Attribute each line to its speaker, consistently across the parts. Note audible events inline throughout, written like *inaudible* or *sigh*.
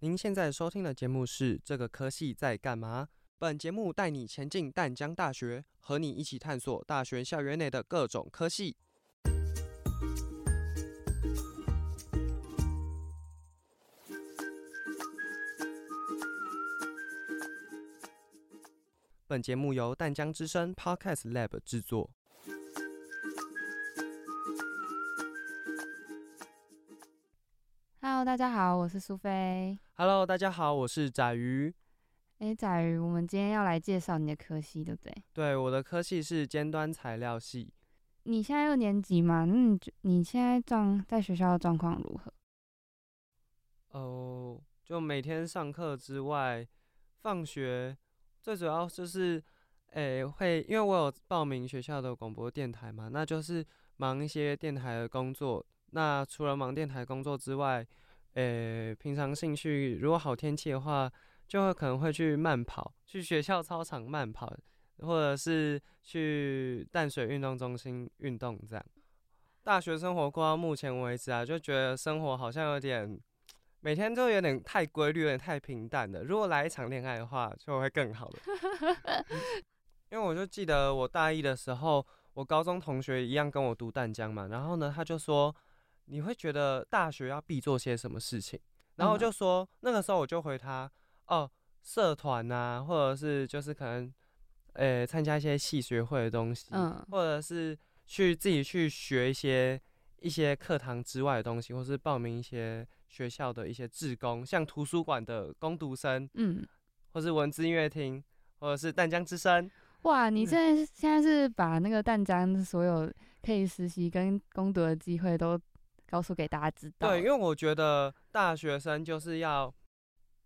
Speaker 1: 您現在收聽的節目是《這個科系在幹嘛？》本節目帶你前進淡江大學，和你一起探索大學校園內的各種科系。本節目由淡江之聲 Podcast Lab 製作。
Speaker 2: Hello，大家好，我是蘇菲。
Speaker 1: Hello，大家好，我是仔魚。
Speaker 2: 誒、欸，仔魚，我們今天要來介紹你的科系，對不對？
Speaker 1: 對，我的科系是尖端材料系。
Speaker 2: 你現在六年級嗎？那你你現在狀在學校的狀況如何？
Speaker 1: 哦、oh,，就每天上課之外，放學最主要就是，誒、欸，會因為我有報名學校的廣播電台嘛，那就是忙一些電台的工作。那除了忙電台工作之外，呃，平常興趣，如果好天氣的話，就會可能會去慢跑，去學校操場慢跑，或者是去淡水運動中心運動這樣。大學生活過到目前為止啊，就覺得生活好像有點，每天都有點太規律，有點太平淡了。如果來一場戀愛的話，就會更好
Speaker 2: 了。
Speaker 1: *laughs* 因為我就記得我大一的時候，我高中同學一樣跟我讀淡江嘛，然後呢，他就說。你會覺得大學要必做些什麼事情？然後就說、嗯啊、那個時候我就回他哦，社團吶、啊，或者是就是可能，呃、欸，參加一些系學會的東西，嗯，或者是去自己去學一些一些課堂之外的東西，或是報名一些學校的一些志工，像圖書館的工讀生，嗯，或是文字音樂廳，或者是淡江之聲。
Speaker 2: 哇，你現在現在是把那個淡江所有可以實習跟工讀的機會都。告訴給大家知道。對，
Speaker 1: 因為我覺得大學生就是要，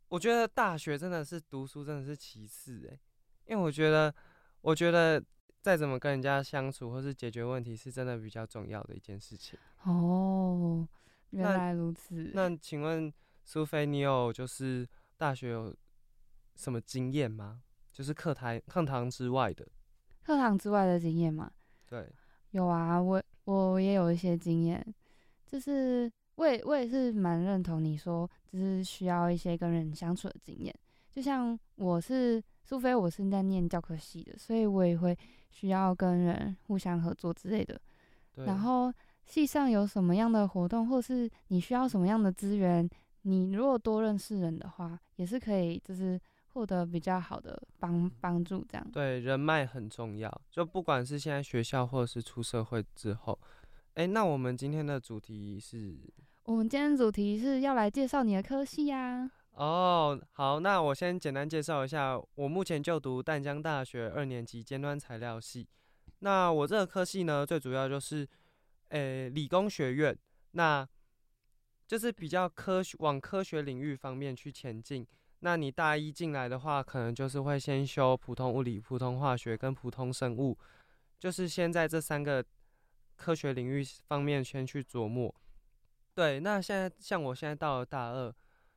Speaker 1: 我覺得大學真的是讀書真的是其次哎，
Speaker 2: 因為我覺得，
Speaker 1: 我覺得再怎麼跟人家相處或是解決問題，是真的比較重要的一件事情。
Speaker 2: 哦，原來如此
Speaker 1: 那，那請問蘇菲，你有就是大學有什麼經驗嗎？就是課台、課堂之外的，
Speaker 2: 課堂之外的經驗嗎？對，有啊，我我也有一些經驗。就是我也我也是蠻認同你說，就是需要一些跟人相處的經驗。就像我是蘇菲，非我是在念教科系的，所以我也會需要跟人互相合作之類的。對。然後系上有什麼樣的活動，或是你需要什麼樣的資源，你如果多認識人的話，也是可以就是獲得比較好的幫幫助這樣。
Speaker 1: 對，人脈很重要。就不管是現在學校，或是出社會之後。哎，那我們今天的主題是？
Speaker 2: 我們今天的主題是要來介紹你的科系呀、
Speaker 1: 啊。哦、oh，好，那我先簡單介紹一下，我目前就讀淡江大學二年級尖端材料系。那我這個科系呢，最主要就是，誒，理工學院，那就是比較科學，往科學領域方面去前進。那你大一進來的話，可能就是會先修普通物理、普通化學跟普通生物，就是先在這三個。科學領域方面先去琢磨，對。那現在像我現在到了大二，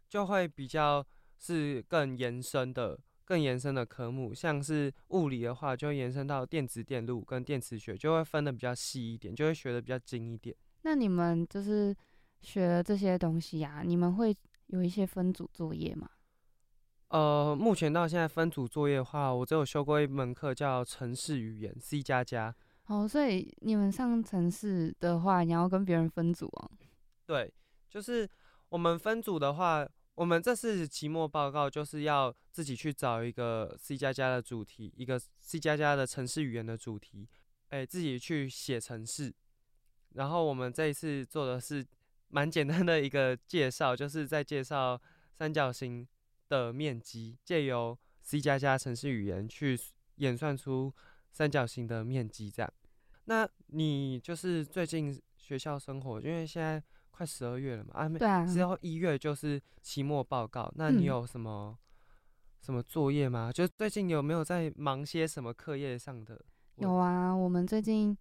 Speaker 1: 就會比較是更延伸的，更延伸的科目，像是物理的話，就會延伸到電子電路跟電磁學，就會分得比較細一點，就會學得比較精一點。
Speaker 2: 那你們就是學了這些東西呀、啊，你們會有一些分組作業嗎？
Speaker 1: 呃，目前到現在分組作業的話，我只有修過一門課叫程式語言 C 加加。
Speaker 2: 哦，所以你們上程式的話，你要跟別人分組啊？
Speaker 1: 對，就是我們分組的話，我們這次期末報告就是要自己去找一個 C 加加的主題，一個 C 加加的程式語言的主題，哎，自己去寫程式。然後我們這一次做的是蠻簡單的一個介紹，就是在介紹三角形的面積，借由 C 加加程式語言去演算出。三角形的面積這樣，那你就是最近學校生活，因為現在快十二月了嘛，啊，對啊，之後一月就是期末報告，那你有什麼、嗯、什麼作業嗎？就最近有沒有在忙些什麼課業上的？
Speaker 2: 有啊，我們最近，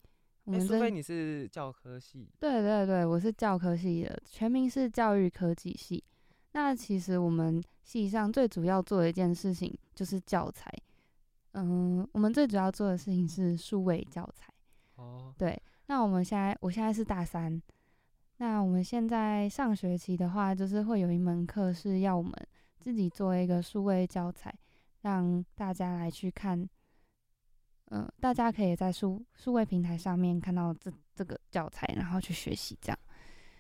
Speaker 2: 哎，除、欸、非你是
Speaker 1: 教科系，
Speaker 2: 對對對，我是教科系的，全名是教育科技系。那其實我們系上最主要做的一件事情就是教材。嗯，我們最主要做的事情是數位教材。哦、oh.，對，那我們現在，我現在是大三。那我們現在上學期的話，就是會有一門課是要我們自己做一個數位教材，讓大家來去看。嗯、呃，大家可以在數數位平台上面看到這這個教材，然後去學習這樣。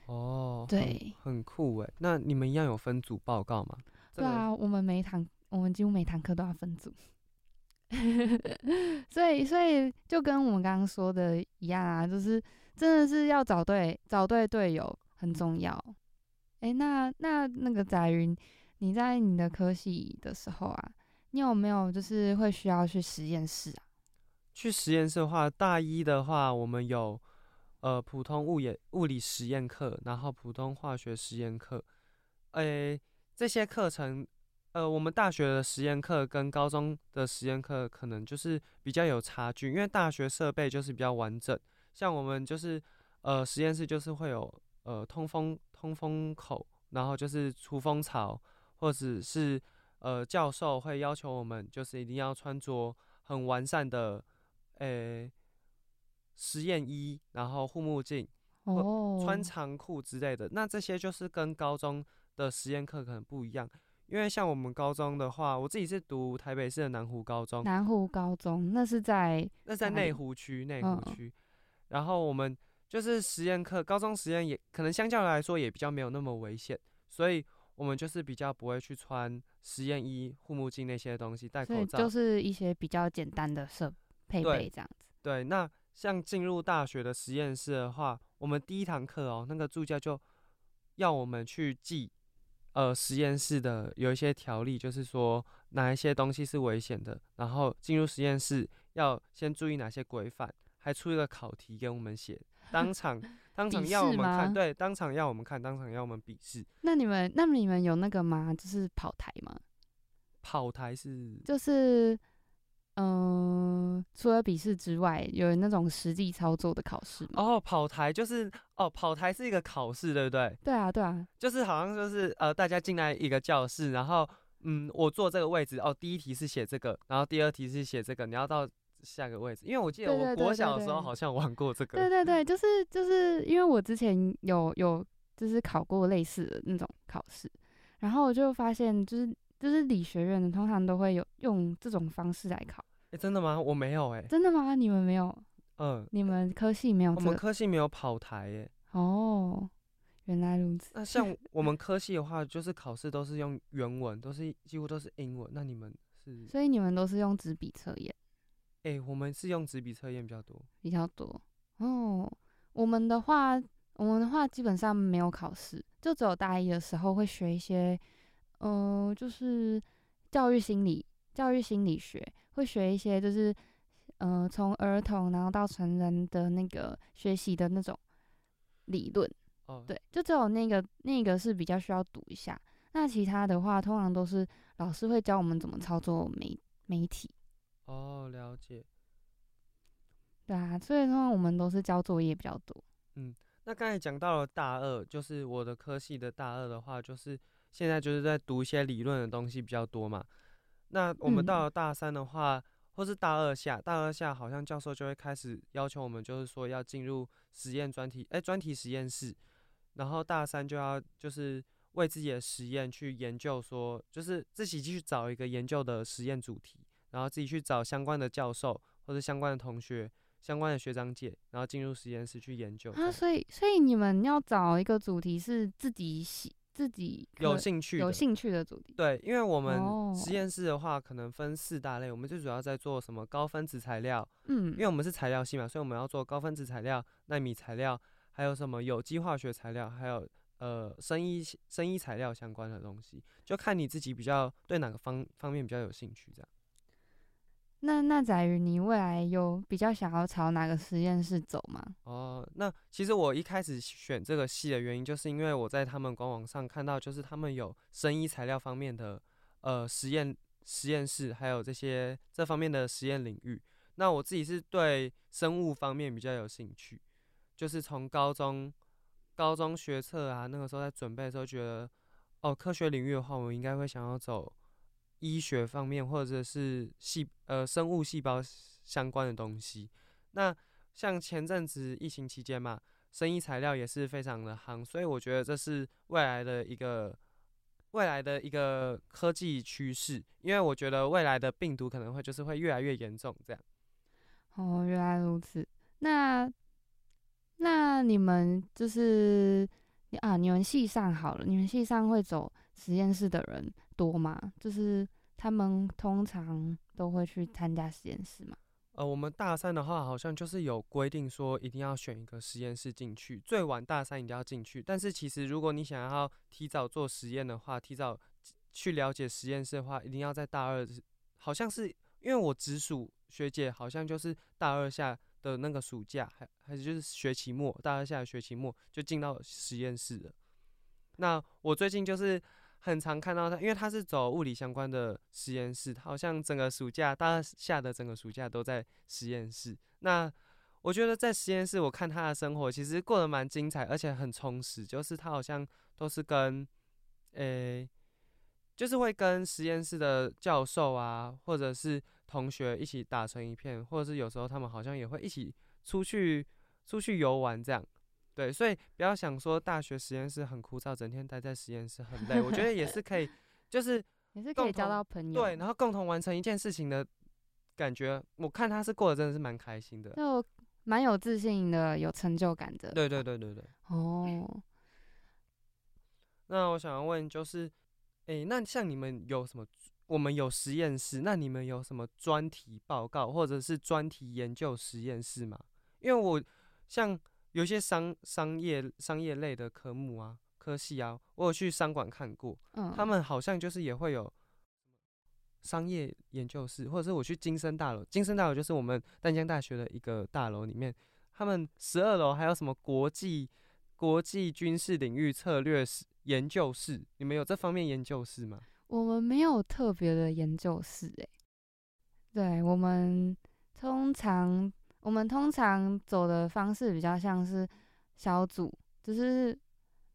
Speaker 1: 哦、oh,，對，很，很酷誒。那你們一樣有分組報告嗎？對啊，這個、
Speaker 2: 我們每一堂，我們幾乎每堂課都要分組。 *laughs* 所以，所以就跟我們剛剛說的一樣啊，就是真的是要找對，找對隊友很重要。哎、欸，那那那個翟芸，你在你的科系的時候啊，你有沒有就是會需要去實驗室啊？
Speaker 1: 去實驗室的話，大一的話，我們有呃普通物演物理實驗課，然後普通化學實驗課，哎、欸、這些課程。呃，我們大學的實驗課跟高中的實驗課可能就是比較有差距，因為大學設備就是比較完整。像我們就是呃實驗室就是會有呃通風通風口，然後就是出風槽，或者是呃教授會要求我們就是一定要穿着很完善的誒、欸、實驗衣，然後護目鏡，哦，穿長褲之類的。Oh. 那這些就是跟高中的實驗課可能不一樣。因為像我們高中的話，我自己是讀台北市的南湖高中。南
Speaker 2: 湖高中那是在那是在內湖區，內湖區、
Speaker 1: 嗯。然後我們就是實驗課，高中實驗也可能相較來說也比較沒有那麼危險，所以我們就是比較不會去穿實驗衣、護目鏡那些東西，戴口罩，就是
Speaker 2: 一些比較簡單的設配備這樣
Speaker 1: 子。對，對，那像進入大學的實驗室的話，我們第一堂課哦，那個助教就要我們去記。呃，實驗室的有一些條例，就是說哪一些東西是危險的，然後進入實驗室要先注意哪些規範，還出一個考題給我們寫，當場，當場要我們看， *laughs* 對，當場要我們看，當場要我們筆試。
Speaker 2: 那你們那你們有那個嗎？就是跑台嗎？
Speaker 1: 跑台是就
Speaker 2: 是。嗯、呃，除了筆試之外，有那種實際操作的考試
Speaker 1: 嗎？哦，跑台就是哦，跑台是一個考試，對不對？對啊，對啊，就是好像就是呃，大家進來一個教室，然後嗯，我坐這個位置哦，第一題是寫這個，然後第二題是寫這個，你要到下個位置。因為我記得我我小的時候好像玩過這個。對對對,對,
Speaker 2: 對,對,對,對，就是就是因為我之前有有就是考過類似的那種考試，然後我就發現就是。就是理學院的通常都會有用這種方式來考，
Speaker 1: 欸、真的嗎？我沒有、欸，哎，真
Speaker 2: 的嗎？你們沒有，嗯，你們科系沒有、這個，我們科
Speaker 1: 系沒有跑台、欸，哎，
Speaker 2: 哦，原來如此。那像
Speaker 1: 我們科系的話，就是考試都是用原文， *laughs* 都是幾乎都是英文。那你們是？所
Speaker 2: 以你們都是用紙筆測驗？
Speaker 1: 哎、欸，我們是用紙筆測驗比較多，
Speaker 2: 比較多。哦，我們的話，我們的話基本上沒有考試，就只有大一的時候會學一些。嗯、呃，就是教育心理、教育心理學會學一些，就是嗯，從、呃、兒童然後到成人的那個學習的那種理論。哦，對，就只有那個那個是比較需要讀一下。那其他的話，通常都是老師會教我們怎麼操作媒媒體。
Speaker 1: 哦，了解。
Speaker 2: 對啊，所以通常我們都是交作業比較多。嗯，
Speaker 1: 那剛才講到了大二，就是我的科系的大二的話，就是。現在就是在讀一些理論的東西比較多嘛。那我們到了大三的話、嗯，或是大二下，大二下好像教授就會開始要求我們，就是說要進入實驗專題，哎、欸，專題實驗室。然後大三就要就是為自己的實驗去研究說，說就是自己去找一個研究的實驗主題，然後自己去找相關的教授或者相關的同學、相關的學長姐，然後進入實驗室去研究。啊，所以
Speaker 2: 所以你們要找一個主題是自己自己有興趣、有興趣的主題
Speaker 1: 對，因為我們實驗室的話，可能分四大類。我們最主要在做什麼？高分子材料，嗯，因為我們是材料系嘛，所以我們要做高分子材料、納米材料，還有什麼有機化學材料，還有呃，生醫、生醫材料相關的東西。就看你自己比較對哪個方方面比較有興趣，這樣。
Speaker 2: 那那在於你未來有比較想要朝哪個實驗室走嗎？
Speaker 1: 哦、呃，那其實我一開始選這個系的原因，就是因為我在他們官網上看到，就是他們有生醫材料方面的呃實驗實驗室，還有這些這方面的實驗領域。那我自己是對生物方面比較有興趣，就是從高中高中學測啊，那個時候在準備的時候，覺得哦科學領域的話，我應該會想要走。醫學方面，或者是細呃生物細胞相關的東西。那像前陣子疫情期間嘛，生醫材料也是非常的夯，所以我覺得這是未來的一個未來的一個科技趨勢。因為我覺得未來的病毒可能會就是會越來越嚴重，這樣。
Speaker 2: 哦，原來如此。那那你們就是啊，你們系上好了，你們系上會走實驗室的人。多嘛，就是他們通常都會去參加實驗室嘛。
Speaker 1: 呃，我們大三的話，好像就是有規定說一定要選一個實驗室進去，最晚大三一定要進去。但是其實如果你想要提早做實驗的話，提早去，去了解實驗室的話，一定要在大二，好像是因為我直屬學姐好像就是大二下的那個暑假，還還是就是學期末，大二下的學期末就進到實驗室了。那我最近就是。很常看到他，因為他是走物理相關的實驗室，他好像整個暑假大二下的整個暑假都在實驗室。那我覺得在實驗室，我看他的生活其實過得蠻精彩，而且很充實。就是他好像都是跟，誒、欸，就是會跟實驗室的教授啊，或者是同學一起打成一片，或者是有時候他們好像也會一起出去出去遊玩這樣。對，所以不要想說大學實驗室很枯燥，整天待在實驗室很累。我覺得也是可以， *laughs* 就是也
Speaker 2: 是可以交到朋友。對，然
Speaker 1: 後共同完成一件事情的感覺，我看他是過得真的是蠻開心的，就
Speaker 2: 蠻有，有自信的，有成就感的。對對對對對。哦。
Speaker 1: 那我想要問就是，哎、欸，那像你們有什麼？我們有實驗室，那你們有什麼專題報告或者是專題研究實驗室嗎？因為我像。有些商商業商業類的科目啊、科系啊，我有去商管看過、嗯，他們好像就是也會有商業研究室，或者是我去驚聲大樓，驚聲大樓就是我們淡江大學的一個大樓，裡面，他們十二樓還有什麼國際國際軍事領域策略室研究室，你們有這方面研究室嗎？
Speaker 2: 我們沒有特別的研究室、欸、對我們通常。我們通常走的方式比較像是小組，只、就是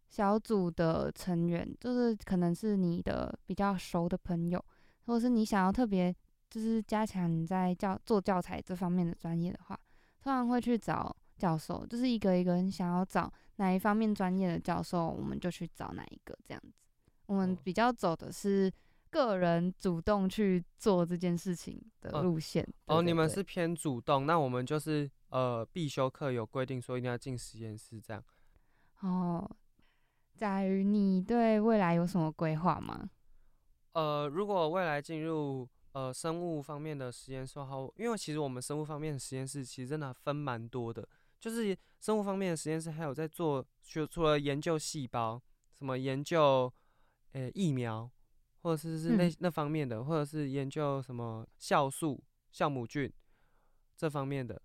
Speaker 2: 小組的成員就是可能是你的比較熟的朋友，或者是你想要特別就是加強你在教做教材這方面的專業的話，通常會去找教授，就是一個一個你想要找哪一方面專業的教授，我們就去找哪一個，這樣子。我們比較走的是。個人主動去做這件事情的路線，呃、對對對哦。你們是
Speaker 1: 偏主動，那我們就是呃，必修課有規定說一定要進實驗室這樣。
Speaker 2: 哦，在宇，你對未來有什麼規劃嗎？
Speaker 1: 呃，如果未來進入呃生物方面的實驗室後，因為其實我們生物方面的實驗室其實真的分蠻多的，就是生物方面的實驗室還有在做，除了研究細胞，什麼研究呃、欸、疫苗。或者是是那那方面的，嗯，或者是研究什麼酵素、酵母菌這方面的，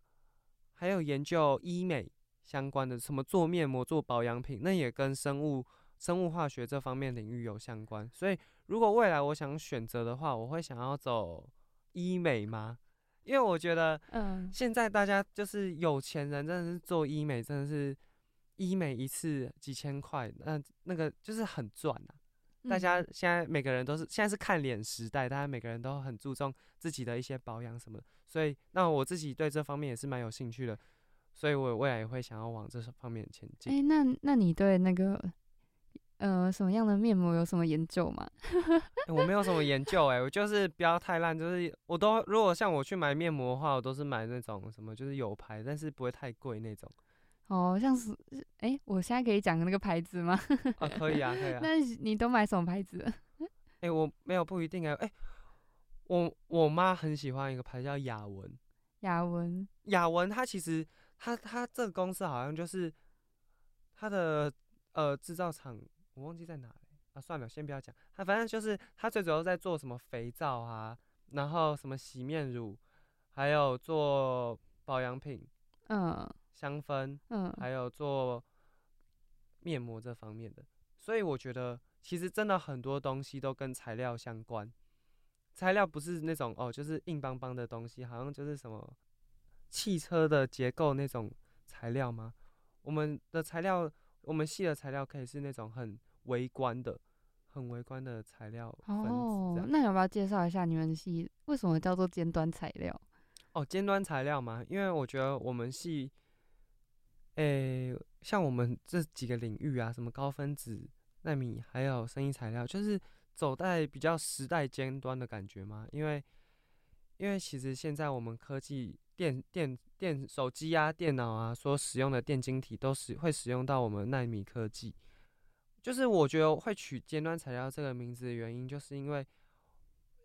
Speaker 1: 還有研究醫美相關的，什麼做面膜、做保養品，那也跟生物、生物化學這方面領域有相關。所以，如果未來我想選擇的話，我會想要走醫美嗎？因為我覺得，
Speaker 2: 嗯，
Speaker 1: 現在大家就是有錢人，真的是做醫美，真的是醫美一次幾千塊，那那個就是很賺啊。大家現在每個人都是，現在是看臉時代，大家每個人都很注重自己的一些保養什麼的，所以那我自己對這方面也是蠻有興趣的，所以我未來也會想要往這方面前進。哎、欸，那
Speaker 2: 那你對那個呃什麼樣的面膜有什麼研究嗎？
Speaker 1: *laughs* 欸、我沒有什麼研究哎、欸，我就是不要太爛，就是我都如果像我去買面膜的話，我都是買那種什麼就是有牌，但是不會太貴那種。
Speaker 2: 哦，像是，哎、欸，我現在可以講個那個牌子嗎？
Speaker 1: 哦、 *laughs* 啊，可以啊，可以啊。那
Speaker 2: 你都買什麼牌子？哎、
Speaker 1: 欸，我沒有，不一定哎、啊欸。我我媽很喜歡一個牌叫雅文。雅文，雅文，它其實它它這個公司好像就是它的呃製造廠，我忘記在哪了。啊，算了，先不要講。它反正就是它最主要在做什麼肥皂啊，然後什麼洗面乳，還有做保養品。嗯。香氛，嗯，還有做面膜這方面的，所以我覺得其實真的很多東西都跟材料相關。材料不是那種哦，就是硬邦邦的東西，好像就是什麼汽車的結構那種材料嗎？我們的材料，我們系的材料可以是那種很微觀的、很微觀的材料分子。哦，
Speaker 2: 那你要不要介紹一下你們系為什麼叫做尖端材料？
Speaker 1: 哦，尖端材料嘛，因為我覺得我們系。誒、欸，像我們這幾個領域啊，什麼高分子、奈米，還有生醫材料，就是走在比較時代尖端的感覺嘛？因為，因為其實現在我們科技電、電電電、電手機啊、電腦啊，所使用的電晶體都是會使用到我們奈米科技。就是我覺得會取“尖端材料”這個名字的原因，就是因為，誒、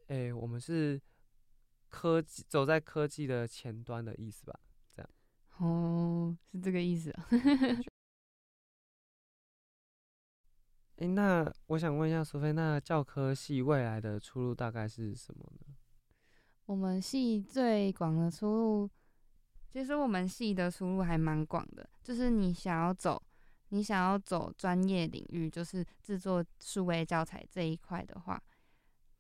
Speaker 1: 欸，我們是科技走在科技的前端的意思吧。
Speaker 2: 哦，是這個意思
Speaker 1: 喔。 *laughs* 哎，那我想問一下，蘇菲，那教科系未來的出路大概是什麼呢？
Speaker 2: 我們系最廣的出路，其實我們系的出路還蠻廣的。就是你想要走，你想要走專業領域，就是制作數位教材這一塊的話，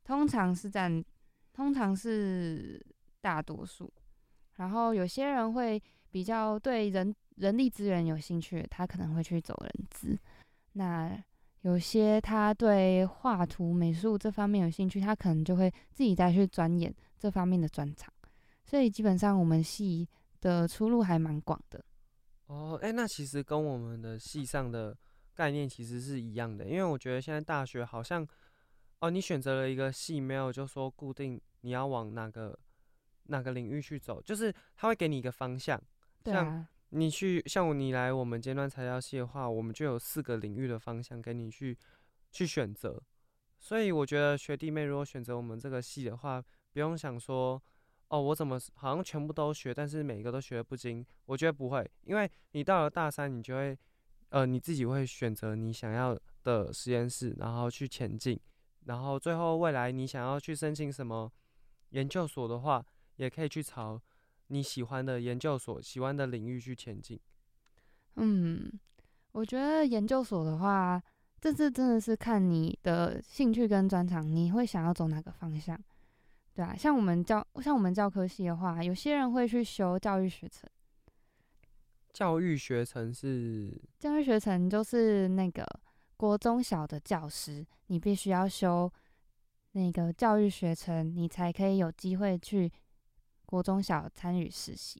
Speaker 2: 通常是占，通常是大多數。然後有些人會。比較對人人力資源有興趣，他可能會去走人資；那有些他對畫圖美術這方面有興趣，他可能就會自己再去鑽研這方面的專長。所以基本上我們系的出路還蠻廣的。
Speaker 1: 哦，哎、欸，那其實跟我們的系上的概念其實是一樣的，因為我覺得現在大學好像，哦，你選擇了一個系，沒有就說固定你要往哪個哪個領域去走，就是他會給你一個方向。像你去，像你來我們尖端材料系的話，我們就有四個領域的方向給你去去選擇。所以我覺得學弟妹如果選擇我們這個系的話，不用想說哦，我怎麼好像全部都學，但是每一個都學得不精。我覺得不會，因為你到了大三，你就會呃你自己會選擇你想要的實驗室，然後去前進，然後最後未來你想要去申請什麼研究所的話，也可以去朝。你喜歡的研究所、喜歡的領域去前進。嗯，
Speaker 2: 我覺得研究所的話，這次真的是看你的興趣跟專長，你會想要走哪個方向？對啊，像我們教，像我們教科系的話，有些人會去修教育學程。
Speaker 1: 教育學程是
Speaker 2: 教育學程，就是那個國中小的教師，你必須要修那個教育學程，你才可以有機會去。國中小參與實習。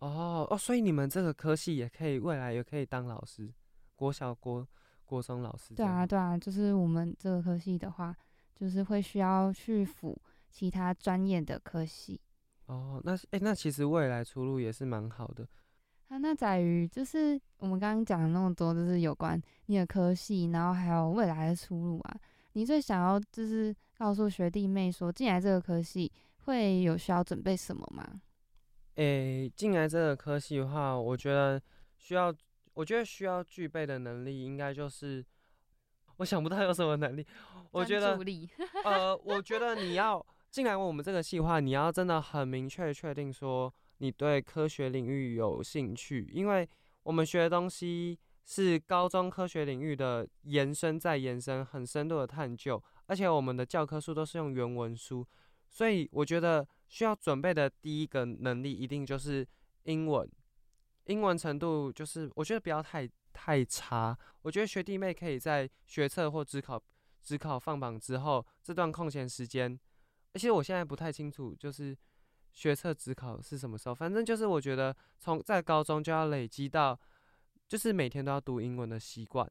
Speaker 1: 哦哦，所以你們這個科系也可以，未來也可以當老師，國小國國中老師。對啊
Speaker 2: 對啊，就是我們這個科系的話，就是會需要去輔其他專業的科系。
Speaker 1: 哦，那哎、欸，那其實未來出路也是蠻好的。
Speaker 2: 啊、那在於就是我們剛剛講的那麼多，就是有關你的科系，然後還有未來的出路啊。你最想要就是告訴學弟妹說，進來這個科系，會有需要準備什麼嗎？誒、
Speaker 1: 欸，進來這個科系的話，我覺得需要，我覺得需要具備的能力，應該就是我想不到有什麼能力。 *laughs* 我覺得， *laughs* 呃，我覺得你要進來我們這個系話，你要真的很明確確定說你對科學領域有興趣，因為我們學的東西是高中科學領域的延伸，再延伸很深度的探究，而且我們的教科書都是用原文書。所以我覺得需要準備的第一個能力一定就是英文，英文程度就是我覺得不要太太差。我覺得學弟妹可以在學測或指考、指考放榜之後這段空閒時間，而且我現在不太清楚就是學測、指考是什麼時候，反正就是我覺得從在高中就要累積到，就是每天都要讀英文的習慣。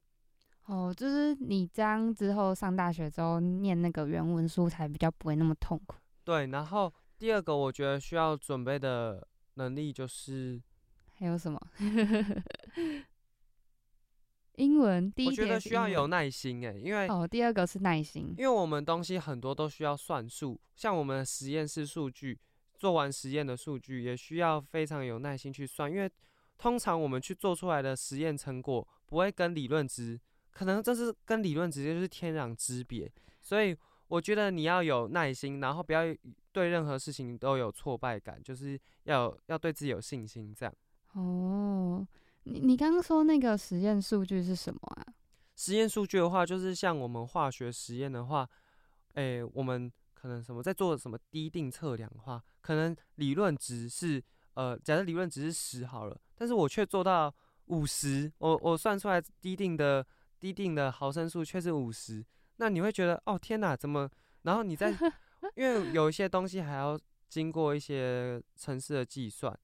Speaker 1: 哦，
Speaker 2: 就是你這樣之後上大學之後念那個原文書才比較不會那麼痛苦。
Speaker 1: 對，然後第二個我覺得需要準備的能力就是，
Speaker 2: 還有什麼？英文？第一個我覺得需要有耐心哎、欸，因為哦，第二個是耐心，因
Speaker 1: 為我們東西很多都需要算數，像我們實驗室數據，做完實驗的數據也需要非常有耐心去算，因為通常我們去做出來的實驗成果不會跟理論值，可能就是跟理論直接就是天壤之別，所以。我覺得你要有耐心，然後不要對任何事情都有挫敗感，就是要有要對自己有信心，這樣。
Speaker 2: 哦，你你剛剛說那個實驗數據是什麼啊？
Speaker 1: 實驗數據的話，就是像我們化學實驗的話，誒、欸，我們可能什麼在做什麼滴定測量的話，可能理論值是呃，假設理論值是十好了，但是我卻做到五十，我我算出來滴定的滴定的毫升數卻是五十。那你會覺得哦天哪，怎麼？然後你在， *laughs* 因為有一些東西還要經過一些程式的計算，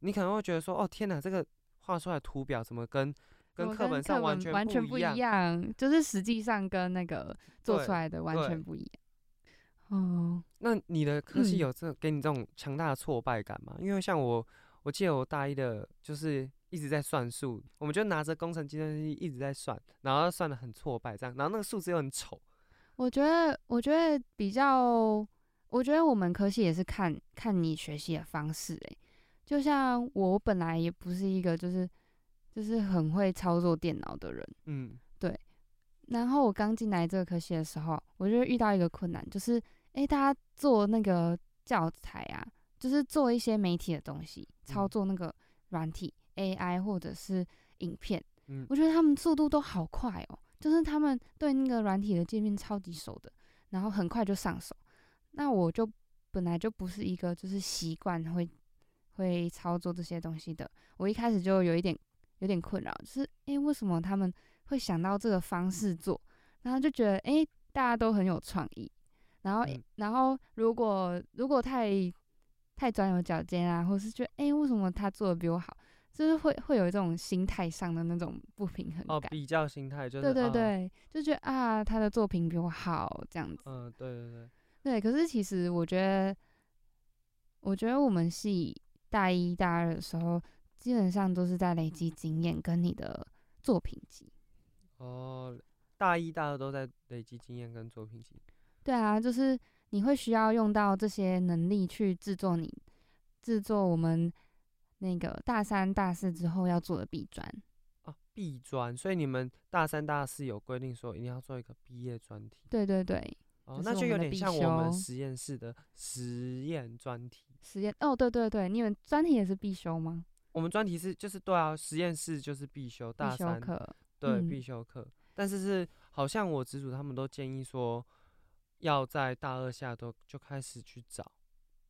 Speaker 1: 你可能會覺得說哦天哪，這個畫出來的圖表怎麼跟跟課本上完全完全不一
Speaker 2: 樣？就是實際上跟那個做出來的完全不一樣。哦，oh,
Speaker 1: 那你的科系有這給你這種強大的挫敗感嗎、嗯？因為像我，我記得我大一的，就是。一直在算數，我們就拿着工程計算機一直在算，然後算得很挫敗，這樣，然後那個數字又很醜。
Speaker 2: 我覺得，我覺得比較，我覺得我們科系也是看看你學習的方式、欸，哎，就像我本來也不是一個就是就是很會操作電腦的人，嗯，對。然後我剛進來這個科系的時候，我就遇到一個困難，就是哎、欸，大家做那個教材啊，就是做一些媒體的東西，操作那個軟體。嗯 AI 或者是影片，嗯，我覺得他們速度都好快哦，就是他們對那個軟體的界面超級熟的，然後很快就上手。那我就本來就不是一個就是習慣會會操作這些東西的，我一開始就有一點有點困擾，就是誒、欸，為什麼他們會想到這個方式做？然後就覺得誒、欸，大家都很有創意。然後、欸、然後如果如果太太鑽牛角尖啊，或是覺得、欸、為什麼他做的比我好？就是會會有一種心態上的那種不平衡感，
Speaker 1: 哦、比較心態就是對對對，
Speaker 2: 嗯、就覺得啊，他的作品比我好這樣子，
Speaker 1: 嗯，對對對，
Speaker 2: 對。可是其實我覺得，我覺得我們系大一大二的時候，基本上都是在累積經驗跟你的作品集。
Speaker 1: 哦，大一大二都在累積經驗跟作品集。
Speaker 2: 對啊，就是你會需要用到這些能力去製作你製作我們。那個大三大四之後要做的畢專
Speaker 1: 啊，畢專。所以你們大三大四有規定說一定要做一個畢業專題？對對對。哦、就是，那就有點像我們實驗室的實驗專題。
Speaker 2: 實驗哦，對對對。你們專題也是必修嗎？
Speaker 1: 我們專題是就是對啊，實驗室就是必修大三課，對，必修課、嗯，但是是好像我直屬他們都建議說要在大二下都就開始去找，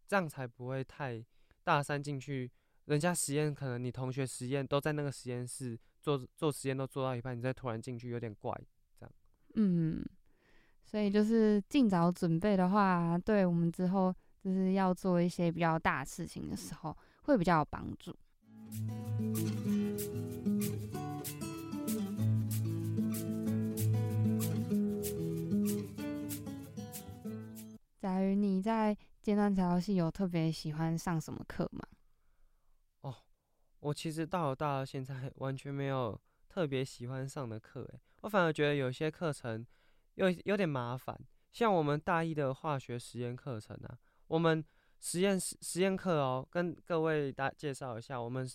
Speaker 1: 這樣才不會太大三進去。人家實驗可能你同學實驗都在那個實驗室做做實驗都做到一半，你再突然進去有點怪，這樣。嗯，
Speaker 2: 所以就是盡早準備的話，對我們之後就是要做一些比較大事情的時候會比較有幫助。嗯，就是。嘉瑜，你在尖端材料系有特別喜歡上什麼課嗎？
Speaker 1: 我其實到了大二現在，完全沒有特別喜歡上的課誒，我反而覺得有些課程有有點麻煩，像我們大一的化學實驗課程啊，我們實驗實驗課哦，跟各位大介紹一下，我們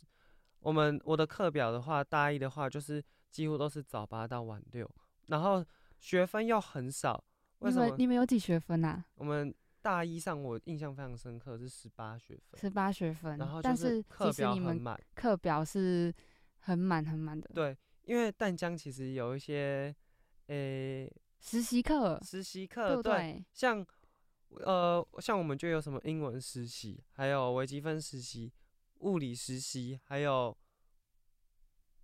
Speaker 1: 我們我的課表的話，大一的話就是幾乎都是早八到晚六，然後學分又很少，為什麼？你們，你
Speaker 2: 們有幾學分呢？啊，
Speaker 1: 我們。大一上我印象非常深刻是十八學分，十八學分，然後就是課表很滿，但是其實你們
Speaker 2: 課表是很滿很滿的，對，因為淡
Speaker 1: 江其實有一些，誒、欸，實習課，實習課，對，像，呃，像我們就有什麼英文實習，還有微積分實習，物理實習，還有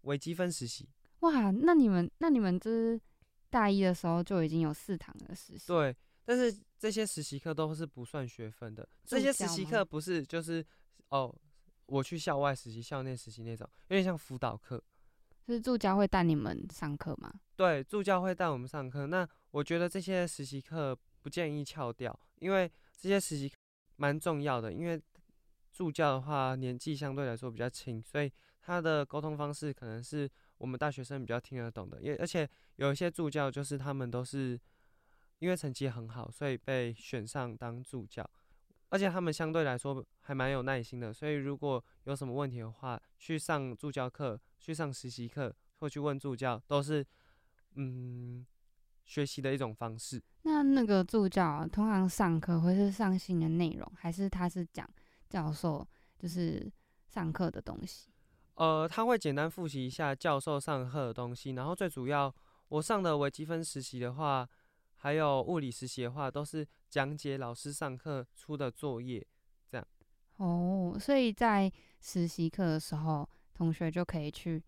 Speaker 1: 微積分實習，
Speaker 2: 哇，那你們那你們這大一的時候就已經有四堂的實習，
Speaker 1: 對。但是這些實習課都是不算學分的，這些實習課不是就是哦，我去校外實習、校內實習那種，有點像輔導課，
Speaker 2: 是助教會帶你們上課嗎？
Speaker 1: 對，助教會帶我們上課。那我覺得這些實習課不建議翹掉，因為這些實習蠻重要的。因為助教的話年紀相對來說比較輕，所以他的溝通方式可能是我們大學生比較聽得懂的。也而且有一些助教就是他們都是。因為成績很好，所以被選上當助教，而且他們相對來說還蠻有耐心的，所以如果有什麼問題的話，去上助教課、去上實習課或去問助教，都是嗯學習的一種方式。
Speaker 2: 那那個助教通常上課會是上新的內容，還是他是講教授就是上課的東西？
Speaker 1: 呃，他會簡單複習一下教授上課的東西，然後最主要我上的微積分實習的話。還有物理實習的話，都是講解老師上課出的作業，這樣。哦
Speaker 2: ，oh，所以在實習課的時候，同學就可以去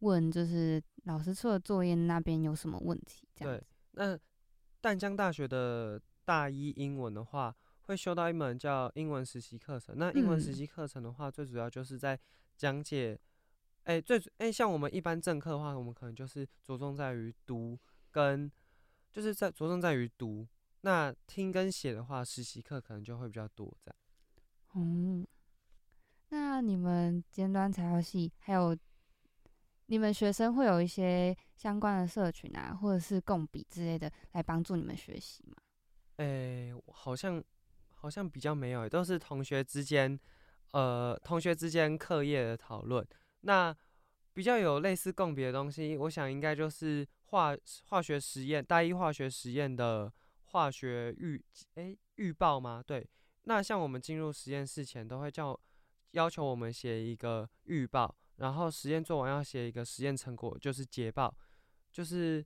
Speaker 2: 問，就是老師出的作業那邊有什麼問題這樣。
Speaker 1: 對，那淡江大學的大一英文的話，會修到一門叫英文實習課程。那英文實習課程的話、嗯，最主要就是在講解，哎、欸，最主哎、欸、像我們一般正課的話，我們可能就是着重在於讀跟。就是在着重在於讀，那聽跟寫的話，實習課可能就會比較多這樣。
Speaker 2: 嗯，那你們尖端材料系還有你們學生會有一些相關的社群啊，或者是共筆之類的來幫助你們學習嗎？
Speaker 1: 誒、欸，好像好像比較沒有，都是同學之間，呃，同學之間課業的討論。那比較有類似共筆的東西，我想應該就是。化化學實驗，大一化學實驗的化學預哎預報嗎？對，那像我們進入實驗室前都會叫要求我們寫一個預報，然後實驗做完要寫一個實驗成果，就是結報，就是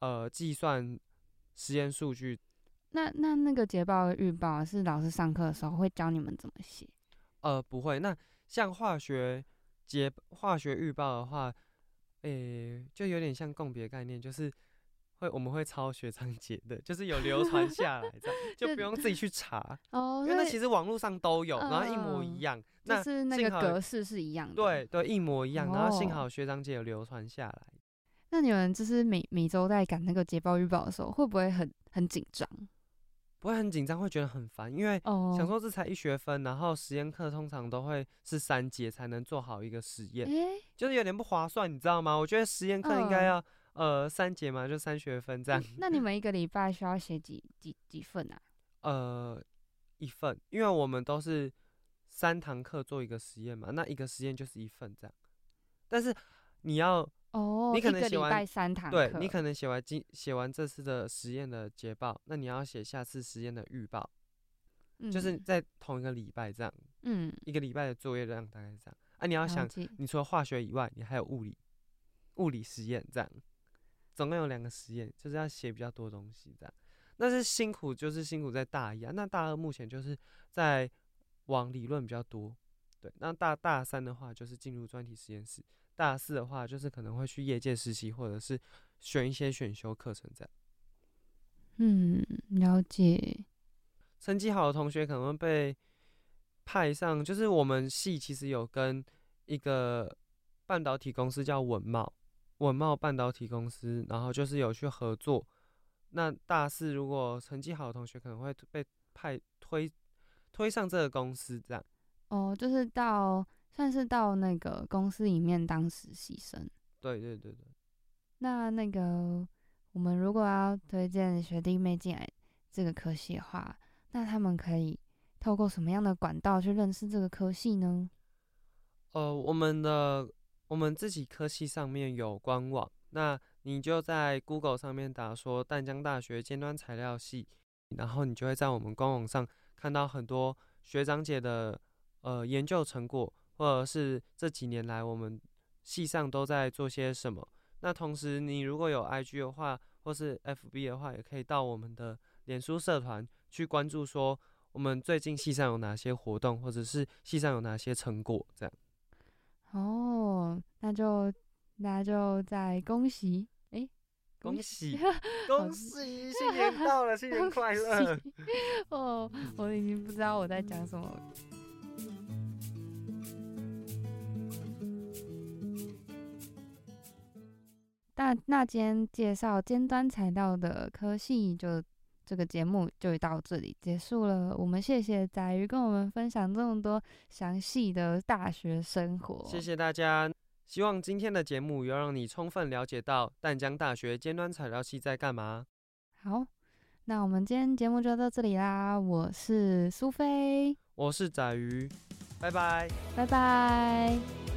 Speaker 1: 呃計算實驗數據。
Speaker 2: 那那那個結報的預報是老師上課的時候會教你們怎麼寫？
Speaker 1: 呃，不會。那像化學結化學預報的話。誒、欸，就有點像共筆概念，就是會我們會抄學長姐的，就是有流傳下來的， *laughs* 就不用自己去查。哦，因為那其實網絡上都有，哦，然後一模一樣，但，嗯就是那個格式是一樣的，對對，一模一樣。然後幸好學長姐有流傳下來。哦。
Speaker 2: 那你們就是每每週在趕那個結報預報的時候，會不會很很緊張？不
Speaker 1: 會很緊張，會覺得很煩，因為想說這才一學分，哦，然後實驗課通常都會是三節才能做好一個實驗，就是有點不划算，你知道嗎？我覺得實驗課應該要呃，呃三節嘛，就三學分這樣，嗯。那
Speaker 2: 你們一個禮拜需要寫幾幾幾份啊？
Speaker 1: 呃，一份，因為我們都是三堂課做一個實驗嘛，那一個實驗就是一份這樣，但是你要。哦、oh，一個禮拜三堂課。對你可能寫完今寫完這次的實驗的結報，那你要寫下次實驗的預報，嗯，就是在同一個禮拜這樣，嗯，一個禮拜的作業量大概是這樣。啊，你要想，你除了化學以外，你還有物理，物理實驗這樣，總共有兩個實驗，就是要寫比較多東西這樣，那是辛苦，就是辛苦在大一啊，那大二目前就是在往理論比較多，對，那大大三的話就是進入專題實驗室。大四的話，就是可能會去業界實習，或者是選一些選修課程這樣。
Speaker 2: 嗯，了解。
Speaker 1: 成績好的同學可能會被派上，就是我們系其實有跟一個半導體公司叫穩懋，穩懋半導體公司，然後就是有去合作。那大四如果成績好的同學可能會被派推推上這個公司這樣。
Speaker 2: 哦，就是到。算是到那個公司裡面當實習生。
Speaker 1: 對對對對。
Speaker 2: 那那個我們如果要推薦學弟妹進來這個科系的話，那他們可以透過什麼樣的管道去認識這個科系呢？
Speaker 1: 呃，我們的我們自己科系上面有官網，那你就在 Google 上面打說“淡江大學尖端材料系”，然後你就會在我們官網上看到很多學長姐的呃研究成果。或者是這幾年來我們系上都在做些什麼？那同時，你如果有 IG 的話，或是 FB 的話，也可以到我們的臉書社團去關注，說我們最近系上有哪些活動，或者是系上有哪些成果，這樣。
Speaker 2: 哦，那就那就再恭喜，哎、欸，恭喜，恭喜， *laughs* 恭喜，新年到了， *laughs* 新年快樂！哦，我已經不知道我在講什麼。 *laughs* 那那今天介紹尖端材料的科系就，就這個節目就到這裡結束了。我們謝謝仔魚跟我們分享這麼多詳細的大學生活，謝
Speaker 1: 謝大家。希望今天的節目有讓你充分了解到淡江大學尖端材料系在幹嘛。
Speaker 2: 好，那我們今天節目就到這裡啦。我是蘇菲，
Speaker 1: 我是仔魚，拜拜，
Speaker 2: 拜拜。